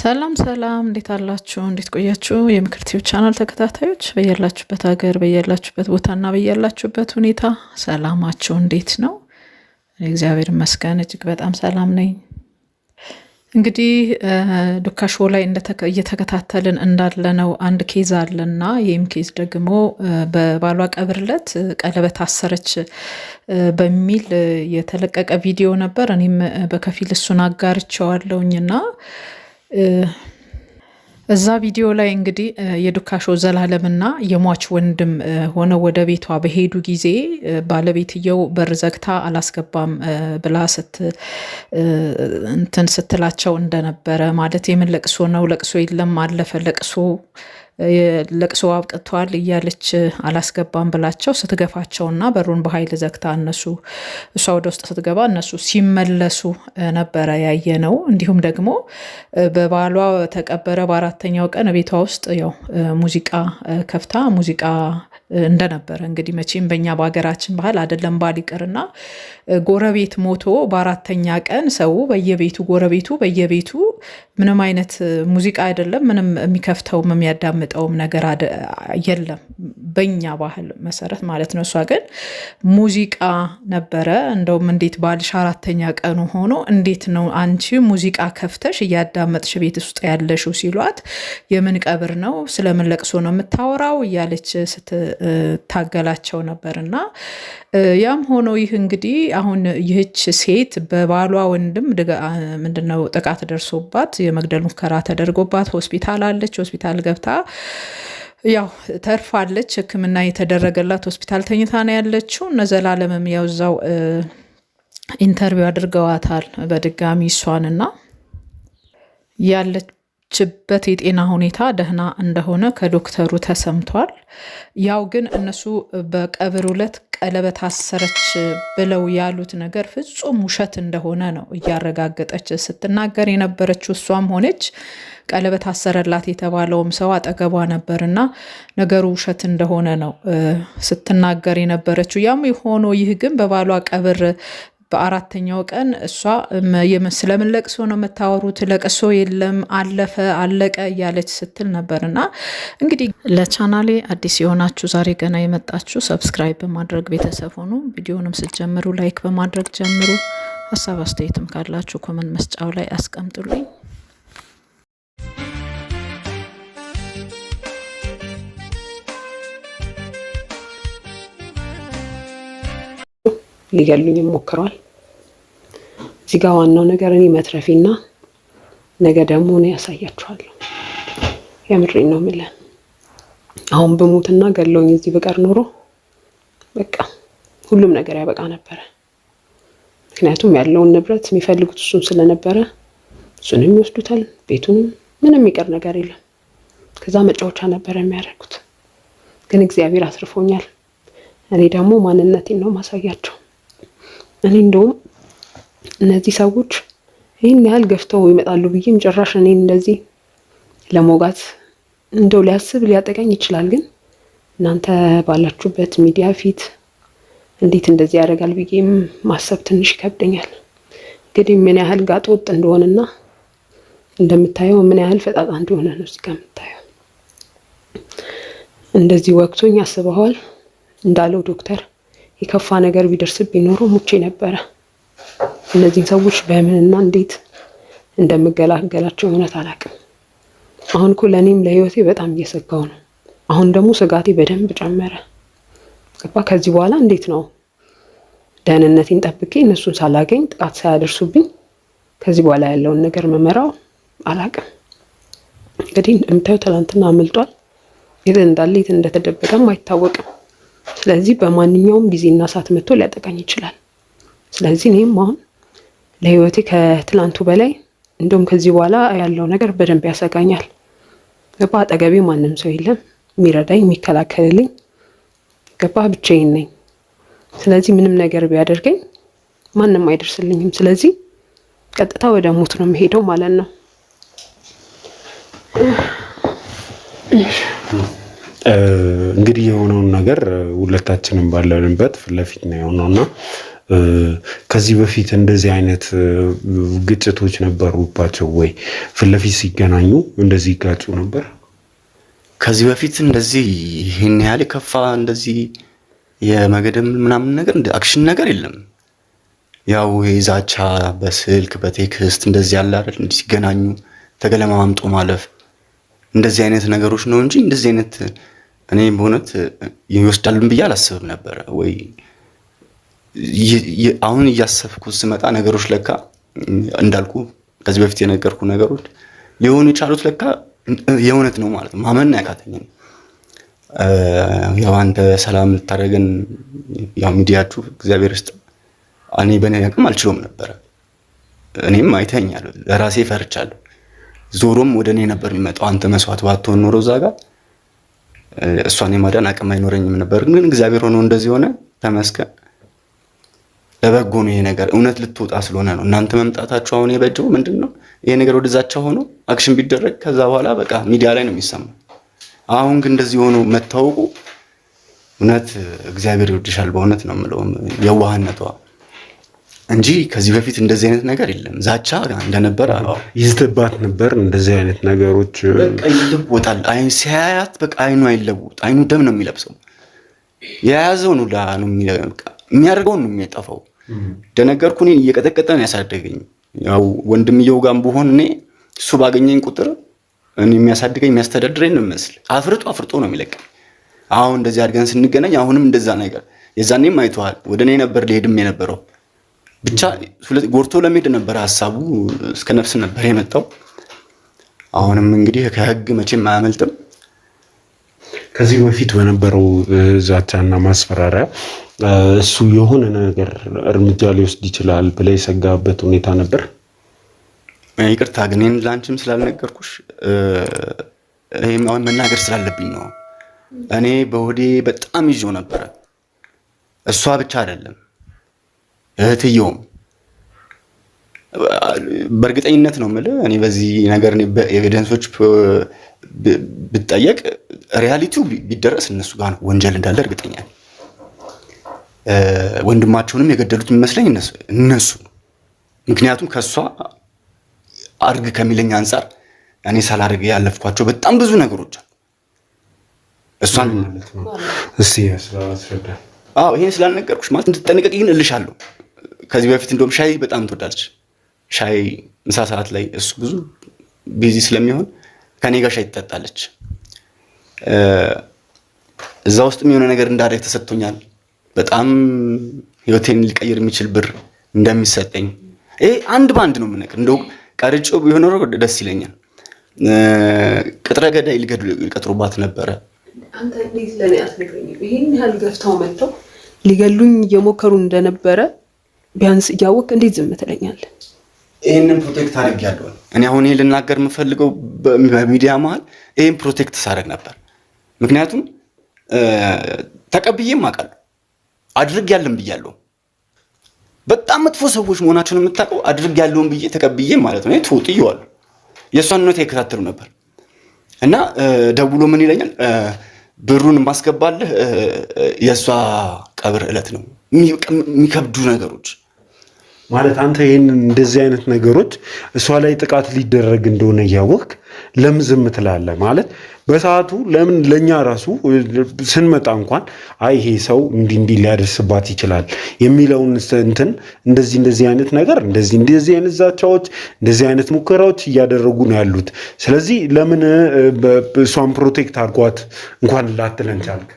ሰላም ሰላም፣ እንዴት አላችሁ? እንዴት ቆያችሁ? የምክር ቲዩብ ቻናል ተከታታዮች በያላችሁበት ሀገር በያላችሁበት ቦታና በያላችሁበት ሁኔታ ሰላማችሁ እንዴት ነው? እግዚአብሔር ይመስገን እጅግ በጣም ሰላም ነኝ። እንግዲህ ዱካ ሾው ላይ እየተከታተልን እንዳለ ነው አንድ ኬዝ አለና ይህም ኬዝ ደግሞ በባሏ ቀብር ዕለት ቀለበት አሰረች በሚል የተለቀቀ ቪዲዮ ነበር። እኔም በከፊል እሱን አጋርቼዋለሁኝና እዛ ቪዲዮ ላይ እንግዲህ የዱካሾ ዘላለምና የሟች ወንድም ሆነው ወደ ቤቷ በሄዱ ጊዜ ባለቤትየው በር ዘግታ አላስገባም ብላ እንትን ስትላቸው እንደነበረ ማለት የምን ለቅሶ ነው? ለቅሶ የለም አለፈ ለቅሶ ለቅሶ አብቅቷል እያለች አላስገባም ብላቸው ስትገፋቸውና በሩን በኃይል ዘግታ እነሱ እሷ ወደ ውስጥ ስትገባ እነሱ ሲመለሱ ነበረ ያየ ነው። እንዲሁም ደግሞ በባሏ ተቀበረ በአራተኛው ቀን ቤቷ ውስጥ ያው ሙዚቃ ከፍታ ሙዚቃ እንደነበረ እንግዲህ መቼም በኛ በሀገራችን ባህል አይደለም ባል ይቅርና ጎረቤት ሞቶ በአራተኛ ቀን ሰው በየቤቱ ጎረቤቱ በየቤቱ ምንም አይነት ሙዚቃ አይደለም፣ ምንም የሚከፍተውም የሚያዳምጠውም ነገር የለም፣ በኛ ባህል መሰረት ማለት ነው። እሷ ግን ሙዚቃ ነበረ። እንደውም እንዴት ባልሽ አራተኛ ቀኑ ሆኖ እንዴት ነው አንቺ ሙዚቃ ከፍተሽ እያዳመጥሽ ቤት ውስጥ ያለሽው ሲሏት የምን ቀብር ነው ስለምን ለቅሶ ነው የምታወራው እያለች ስትታገላቸው ነበር እና ያም ሆኖ ይህ እንግዲህ አሁን ይህች ሴት በባሏ ወንድም ምንድነው ጥቃት ደርሶ ተደርጎባት የመግደል ሙከራ ተደርጎባት ሆስፒታል አለች። ሆስፒታል ገብታ ያው ተርፋለች። ሕክምና የተደረገላት ሆስፒታል ተኝታ ነው ያለችው። እነ ዘላለምም ያው እዛው ኢንተርቪው አድርገዋታል በድጋሚ እሷንና ያለች ችበት የጤና ሁኔታ ደህና እንደሆነ ከዶክተሩ ተሰምቷል። ያው ግን እነሱ በቀብር ዕለት ቀለበት አሰረች ብለው ያሉት ነገር ፍጹም ውሸት እንደሆነ ነው እያረጋገጠች ስትናገር የነበረችው። እሷም ሆነች ቀለበት አሰረላት የተባለውም ሰው አጠገቧ ነበርና ነገሩ ውሸት እንደሆነ ነው ስትናገር የነበረችው። ያም ሆኖ ይህ ግን በባሏ ቀብር በአራተኛው ቀን እሷ ስለምን ለቅሶ ነው የምታወሩት? ለቅሶ የለም አለፈ አለቀ እያለች ስትል ነበር። እና እንግዲህ ለቻናሌ አዲስ የሆናችሁ ዛሬ ገና የመጣችሁ ሰብስክራይብ በማድረግ ቤተሰብ ሆኑ። ቪዲዮንም ስትጀምሩ ላይክ በማድረግ ጀምሩ። ሀሳብ አስተያየትም ካላችሁ ኮመንት መስጫው ላይ አስቀምጡልኝ። ሊገሉኝም ሞክረዋል። እዚህ ጋር ዋናው ነገር እኔ መትረፊና ነገ ደግሞ እኔ ያሳያችኋለሁ። የምሬን ነው የምልህ። አሁን ብሞትና ገለውኝ እዚህ ብቀር ኖሮ በቃ ሁሉም ነገር ያበቃ ነበረ። ምክንያቱም ያለውን ንብረት የሚፈልጉት እሱን ስለነበረ እሱንም ይወስዱታል፣ ቤቱንም ምንም የሚቀር ነገር የለም። ከዛ መጫወቻ ነበረ የሚያደርጉት። ግን እግዚአብሔር አስርፎኛል። እኔ ደግሞ ማንነቴን ነው ማሳያቸው። እኔ እንደውም እነዚህ ሰዎች ይህን ያህል ገፍተው ይመጣሉ ብዬም ጭራሽ እኔ እንደዚህ ለሞጋት እንደው ሊያስብ ሊያጠቀኝ ይችላል። ግን እናንተ ባላችሁበት ሚዲያ ፊት እንዴት እንደዚህ ያደርጋል ብዬም ማሰብ ትንሽ ይከብደኛል። እንግዲህ ምን ያህል ጋጥ ወጥ እንደሆነና እንደምታየው ምን ያህል ፈጣጣ እንደሆነ ነው እዚህ ጋር እንደዚህ ወቅቶኝ አስበዋል እንዳለው ዶክተር የከፋ ነገር ቢደርስብኝ ኖሮ ሙቼ ነበረ። እነዚህን ሰዎች በምንና እንዴት እንደምገላገላቸው እውነት አላውቅም። አሁን እኮ ለእኔም ለህይወቴ በጣም እየሰጋው ነው። አሁን ደግሞ ስጋቴ በደንብ ጨመረ። ገባ። ከዚህ በኋላ እንዴት ነው ደህንነቴን ጠብቄ እነሱን ሳላገኝ ጥቃት ሳያደርሱብኝ ከዚህ በኋላ ያለውን ነገር መመራው አላውቅም። እንግዲህ እንደምታዩ ትናንትና አምልጧል። የት እንዳለ የት እንደተደበቀም አይታወቅም። ስለዚህ በማንኛውም ጊዜና ሰዓት መጥቶ ሊያጠቃኝ ይችላል። ስለዚህ እኔም አሁን ለህይወቴ ከትላንቱ በላይ እንዲሁም ከዚህ በኋላ ያለው ነገር በደንብ ያሰጋኛል። ገባ አጠገቤ ማንም ሰው የለም የሚረዳኝ የሚከላከልልኝ። ገባ ብቻዬን ነኝ። ስለዚህ ምንም ነገር ቢያደርገኝ ማንም አይደርስልኝም። ስለዚህ ቀጥታ ወደ ሞት ነው የሚሄደው ማለት ነው። እንግዲህ የሆነውን ነገር ሁለታችንም ባለንበት ፊት ለፊት ነው የሆነው እና ከዚህ በፊት እንደዚህ አይነት ግጭቶች ነበሩባቸው ወይ? ፊት ለፊት ሲገናኙ እንደዚህ ይጋጩ ነበር? ከዚህ በፊት እንደዚህ ይህን ያህል የከፋ እንደዚህ የመገደም ምናምን ነገር አክሽን ነገር የለም። ያው የዛቻ በስልክ በቴክስት እንደዚህ ያለ አይደል ሲገናኙ ተገለማምጦ ማለፍ እንደዚህ አይነት ነገሮች ነው እንጂ እንደዚህ አይነት እኔ በእውነት ይወስዳሉን ብዬ አላስብም ነበረ። ወይ አሁን እያሰብኩ ስመጣ ነገሮች ለካ እንዳልኩ ከዚህ በፊት የነገርኩ ነገሮች ሊሆኑ የቻሉት ለካ የእውነት ነው ማለት ነው። ማመን ያቃተኝን ያው አንተ ሰላም ልታደርገን ያው ሚዲያችሁ እግዚአብሔር ውስጥ እኔ በእኔ አቅም አልችሎም ነበረ። እኔም አይተኛል ለራሴ ፈርቻለሁ። ዞሮም ወደ እኔ ነበር የሚመጣው አንተ መስዋዕት ባትሆን ኖሮ እዛ ጋር እሷን የማዳን አቅም አይኖረኝም ነበር፣ ግን እግዚአብሔር ሆኖ እንደዚህ ሆነ። ተመስገን። ለበጎ ነው ይሄ ነገር፣ እውነት ልትወጣ ስለሆነ ነው። እናንተ መምጣታችሁ አሁን የበጀው ምንድን ነው? ይሄ ነገር ወደዛቻ ሆኖ አክሽን ቢደረግ ከዛ በኋላ በቃ ሚዲያ ላይ ነው የሚሰማው። አሁን ግን እንደዚህ ሆኖ መታወቁ እውነት እግዚአብሔር ይወድሻል። በእውነት ነው የምለውም የዋህነቷ እንጂ ከዚህ በፊት እንደዚህ አይነት ነገር የለም። ዛቻ እንደነበረ ይዝትባት ነበር። እንደዚህ አይነት ነገሮች ይለወጣል። ሲያያት በቃ አይኑ አይለውጥ፣ አይኑ ደም ነው የሚለብሰው። የያዘውን ሁላ ነው የሚያደርገውን ነው የሚያጠፋው። ደነገርኩ። እኔን እየቀጠቀጠ ነው ያሳደገኝ። ያው ወንድምየው ጋርም ብሆን እኔ እሱ ባገኘኝ ቁጥር እኔ የሚያሳድገኝ የሚያስተዳድረኝ ነው የሚመስል። አፍርጦ አፍርጦ ነው የሚለቀኝ። አሁን እንደዚህ አድርገን ስንገናኝ አሁንም እንደዛ ነገር የዛኔም አይተዋል። ወደ እኔ ነበር ሊሄድም የነበረው ብቻ ጎርቶ ለመሄድ ነበር ሀሳቡ፣ እስከ ነፍስ ነበር የመጣው። አሁንም እንግዲህ ከህግ መቼም አያመልጥም። ከዚህ በፊት በነበረው ዛቻና ማስፈራሪያ እሱ የሆነ ነገር እርምጃ ሊወስድ ይችላል ብለህ የሰጋበት ሁኔታ ነበር? ይቅርታ ግን ይህን ለአንቺም ስላልነገርኩሽ ይህም አሁን መናገር ስላለብኝ ነው። እኔ በሆዴ በጣም ይዞ ነበረ። እሷ ብቻ አይደለም እህትየውም በእርግጠኝነት ነው የምልህ እኔ በዚህ ነገር ኤቪደንሶች ብጠየቅ ሪያሊቲው ቢደረስ እነሱ ጋር ነው ወንጀል እንዳለ እርግጠኛ ወንድማቸውንም የገደሉት የሚመስለኝ እነሱ ምክንያቱም ከእሷ አርግ ከሚለኝ አንጻር እኔ ሳላደርግ ያለፍኳቸው በጣም ብዙ ነገሮች አሉ። እሷን ይህን ስላልነገርኩሽ ማለት እንድጠነቀቅ ይህን እልሻለሁ። ከዚህ በፊት እንደውም ሻይ በጣም ትወዳለች። ሻይ ምሳ ሰዓት ላይ እሱ ብዙ ቢዚ ስለሚሆን ከኔ ጋር ሻይ ትጠጣለች። እዛ ውስጥም የሆነ ነገር እንዳደርግ ተሰጥቶኛል። በጣም ህይወቴን ሊቀይር የሚችል ብር እንደሚሰጠኝ ይሄ አንድ በአንድ ነው የምነግርህ። እንደው ቀርጮ ቢሆን ኖሮ ደስ ይለኛል። ቅጥረ ገዳይ ሊቀጥሩባት ነበረ። ይህን ያህል ገፍተው መጥተው ሊገሉኝ እየሞከሩ እንደነበረ ቢያንስ እያወቅ እንዴት ዝም ትለኛለህ? ይህንን ፕሮቴክት አድርግ ያለዋል። እኔ አሁን ይህ ልናገር የምፈልገው በሚዲያ መሀል ይህን ፕሮቴክት ሳደርግ ነበር። ምክንያቱም ተቀብዬም አውቃለሁ አድርግ ያለን ብያለሁ። በጣም መጥፎ ሰዎች መሆናቸውን የምታውቀው አድርግ ያለውን ብዬ ተቀብዬ ማለት ነው ትውጥ ይዋሉ የእሷንነት ይከታተሉ ነበር እና ደውሎ ምን ይለኛል ብሩን የማስገባልህ የእሷ ቀብር እለት ነው። የሚከብዱ ነገሮች ማለት አንተ ይህን እንደዚህ አይነት ነገሮች እሷ ላይ ጥቃት ሊደረግ እንደሆነ እያወቅ ለምን ዝም ትላለህ? ማለት በሰዓቱ ለምን ለእኛ ራሱ ስንመጣ እንኳን አይ ይሄ ሰው እንዲህ እንዲህ ሊያደርስባት ይችላል የሚለውን እንትን እንደዚህ እንደዚህ አይነት ነገር እንደዚህ እንደዚህ አይነት ዛቻዎች፣ እንደዚህ አይነት ሙከራዎች እያደረጉ ነው ያሉት። ስለዚህ ለምን እሷን ፕሮቴክት አድርጓት እንኳን ላትለን ቻልክ?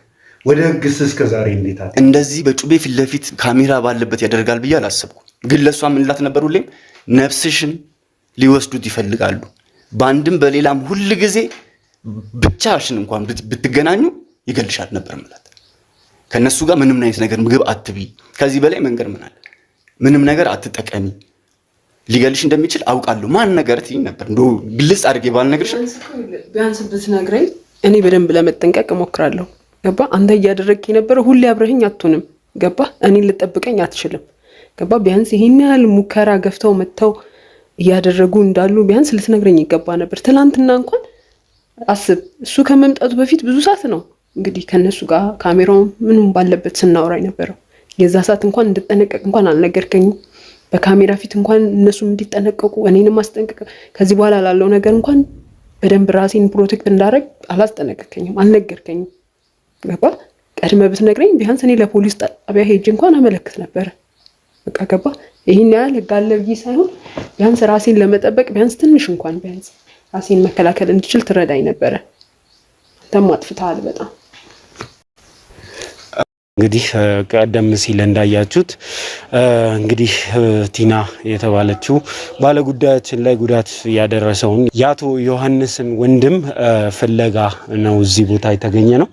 ወደ ህግስ እስከ ዛሬ እንዴት እንደዚህ በጩቤ ፊት ለፊት ካሜራ ባለበት ያደርጋል ብዬ አላሰብኩም። ግን ለእሷ ምንላት ነበር? ሁሌም ነፍስሽን ሊወስዱት ይፈልጋሉ። በአንድም በሌላም ሁል ጊዜ ብቻሽን እንኳን ብትገናኙ ይገልሻል ነበር ምላት። ከእነሱ ጋር ምንም አይነት ነገር ምግብ አትብይ፣ ከዚህ በላይ መንገድ ምናል ምንም ነገር አትጠቀሚ፣ ሊገልሽ እንደሚችል አውቃለሁ። ማን ነገር ትይኝ ነበር? እንደ ግልጽ አድርጌ ባልነግርሽ ቢያንስ ብትነግረኝ እኔ በደንብ ለመጠንቀቅ እሞክራለሁ። ገባ? አንተ እያደረግክ የነበረ ሁሌ አብረህኝ አትሆንም። ገባ? እኔን ልጠብቀኝ አትችልም። ገባ? ቢያንስ ይሄን ያህል ሙከራ ገፍተው መጥተው እያደረጉ እንዳሉ ቢያንስ ልትነግረኝ ይገባ ነበር። ትናንትና እንኳን አስብ፣ እሱ ከመምጣቱ በፊት ብዙ ሰዓት ነው እንግዲህ ከነሱ ጋር ካሜራውን ምንም ባለበት ስናወራ የነበረው። የዛ ሰዓት እንኳን እንድጠነቀቅ እንኳን አልነገርከኝም። በካሜራ ፊት እንኳን እነሱም እንዲጠነቀቁ እኔንም አስጠንቀቅ፣ ከዚህ በኋላ ላለው ነገር እንኳን በደንብ ራሴን ፕሮቴክት እንዳደረግ አላስጠነቀቀኝም፣ አልነገርከኝም። ገባ? ቀድመ ብትነግረኝ ቢያንስ እኔ ለፖሊስ ጣቢያ ሄጅ እንኳን አመለክት ነበረ። በቃ ገባ። ይህን ያህል ህግ አለ ብዬ ሳይሆን ቢያንስ ራሴን ለመጠበቅ ቢያንስ ትንሽ እንኳን ቢያንስ ራሴን መከላከል እንድችል ትረዳኝ ነበረ። አንተም አጥፍተሃል በጣም እንግዲህ ቀደም ሲል እንዳያችሁት እንግዲህ ቲና የተባለችው ባለጉዳያችን ላይ ጉዳት ያደረሰውን የአቶ ዮሐንስን ወንድም ፍለጋ ነው እዚህ ቦታ የተገኘ ነው።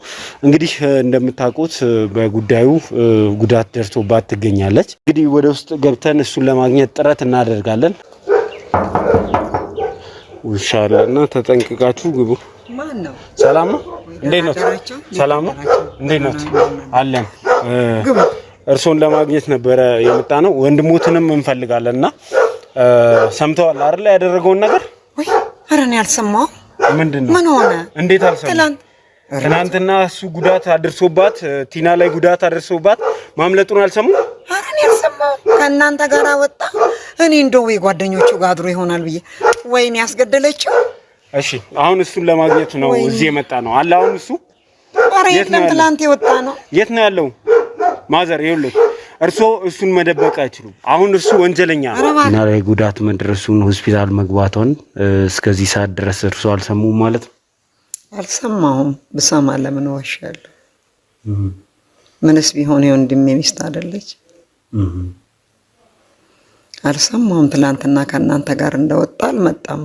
እንግዲህ እንደምታውቁት በጉዳዩ ጉዳት ደርሶባት ትገኛለች። እንግዲህ ወደ ውስጥ ገብተን እሱን ለማግኘት ጥረት እናደርጋለን። ውሻ እና ተጠንቅቃችሁ ግቡ። ሰላም ነው። እንዴት ነው? ሰላም ነው? እንዴት ነው? አለን እርሶን ለማግኘት ነበረ የመጣ ነው። ወንድሞትንም እንፈልጋለን እና ሰምተዋል አይደል? ያደረገውን ነገር ኧረ እኔ አልሰማሁም። ምንድን ነው? ምን ሆነ? እንዴት አልሰማሁም? ትናንትና እሱ ጉዳት አድርሶባት ቲና ላይ ጉዳት አድርሶባት ማምለጡን አልሰሙ? ኧረ እኔ አልሰማሁም። ከእናንተ ጋር ወጣ። እኔ እንደው ወይ ጓደኞቹ ጋር አድሮ ይሆናል ብዬ ወይኔ ያስገደለችው እሺ አሁን እሱን ለማግኘት ነው እዚህ የመጣ ነው አለ። አሁን እሱ የለም፣ ትላንት የወጣ ነው። የት ነው ያለው? ማዘር ይኸውልህ፣ እርሶ እሱን መደበቅ አይችሉም። አሁን እሱ ወንጀለኛ ነው ላይ ጉዳት መድረሱን ሆስፒታል መግባቷን እስከዚህ ሰዓት ድረስ እርሶ አልሰሙም ማለት ነው? አልሰማሁም። ብሰማ ለምን ዋሻለሁ? ምንስ ቢሆን የወንድሜ ሚስት አይደለች? አልሰማሁም። ትላንትና ከእናንተ ጋር እንደወጣ አልመጣም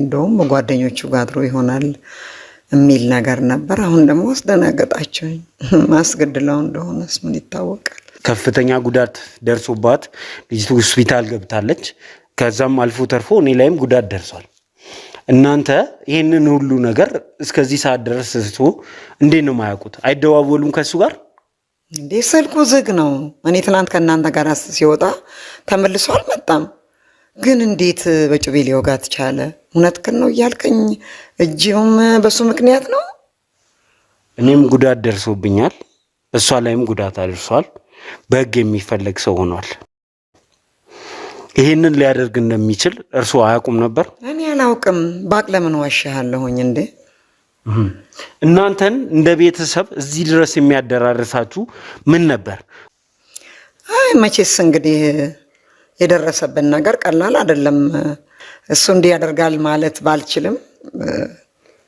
እንደውም ጓደኞቹ ጋር አድሮ ይሆናል የሚል ነገር ነበር። አሁን ደግሞ አስደናገጣቸውኝ። ማስገድለው እንደሆነስ ምን ይታወቃል። ከፍተኛ ጉዳት ደርሶባት ልጅቱ ሆስፒታል ገብታለች። ከዛም አልፎ ተርፎ እኔ ላይም ጉዳት ደርሷል። እናንተ ይህንን ሁሉ ነገር እስከዚህ ሰዓት ድረስ ስቶ እንዴት ነው የማያውቁት? አይደዋወሉም ከእሱ ጋር እንዴ? ስልኩ ዝግ ነው። እኔ ትናንት ከእናንተ ጋር ሲወጣ ተመልሶ አልመጣም። ግን እንዴት በጩቤ ሊወጋት ቻለ? እውነትህን ነው እያልከኝ እጅም በሱ ምክንያት ነው። እኔም ጉዳት ደርሶብኛል፣ እሷ ላይም ጉዳት አድርሷል። በህግ የሚፈለግ ሰው ሆኗል። ይህንን ሊያደርግ እንደሚችል እርሱ አያውቁም ነበር? እኔ አላውቅም። ባቅ ለምን ዋሻሃለሁኝ እንዴ? እናንተን እንደ ቤተሰብ እዚህ ድረስ የሚያደራርሳችሁ ምን ነበር? አይ መቼስ እንግዲህ የደረሰብን ነገር ቀላል አይደለም። እሱ እንዲህ ያደርጋል ማለት ባልችልም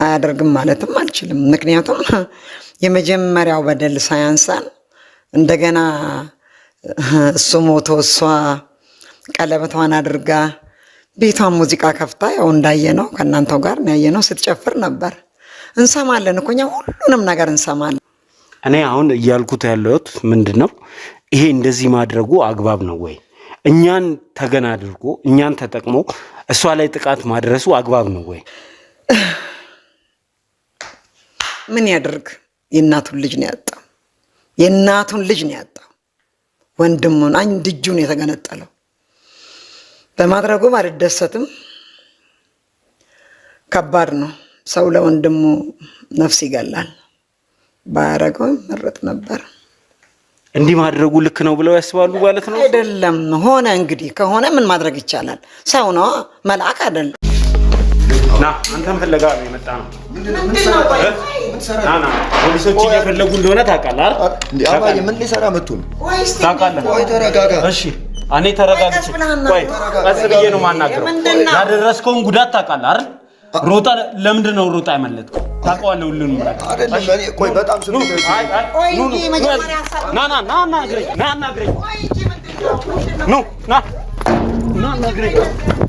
አያደርግም ማለትም አልችልም። ምክንያቱም የመጀመሪያው በደል ሳያንሳን እንደገና እሱ ሞቶ እሷ ቀለበቷን አድርጋ ቤቷን ሙዚቃ ከፍታ ያው እንዳየነው ከእናንተው ጋር ያየነው ስትጨፍር ነበር። እንሰማለን እኮ እኛ ሁሉንም ነገር እንሰማለን። እኔ አሁን እያልኩት ያለሁት ምንድን ነው ይሄ እንደዚህ ማድረጉ አግባብ ነው ወይ? እኛን ተገን አድርጎ እኛን ተጠቅሞ እሷ ላይ ጥቃት ማድረሱ አግባብ ነው ወይ? ምን ያደርግ? የእናቱን ልጅ ነው ያጣ። የእናቱን ልጅ ነው ያጣ። ወንድሙን አንድ እጁን የተገነጠለው በማድረጉ አልደሰትም። ከባድ ነው። ሰው ለወንድሙ ነፍስ ይገላል። ባያረገው ይመረጥ ነበር። እንዲህ ማድረጉ ልክ ነው ብለው ያስባሉ ማለት ነው። አይደለም ሆነ እንግዲህ ከሆነ ምን ማድረግ ይቻላል? ሰው ነው መልአክ አይደለም። ና አንተም ፍለጋ ነው የመጣ ነው። ፖሊሶች እየፈለጉ እንደሆነ ታውቃለህ ምን ሊሰራ መጥቶ ነው ታውቃለህ? እሺ እኔ ተረጋግቼ ቀስ ብዬ ነው የማናግረው። ያደረስከውን ጉዳት ታውቃለህ አይደል? ሮጣ ለምንድን ነው ሮጣ ታውቀዋለህ ሁሉንም። አይደለም እኔ ቆይ በጣም ስለ ና ና ና ና ና ና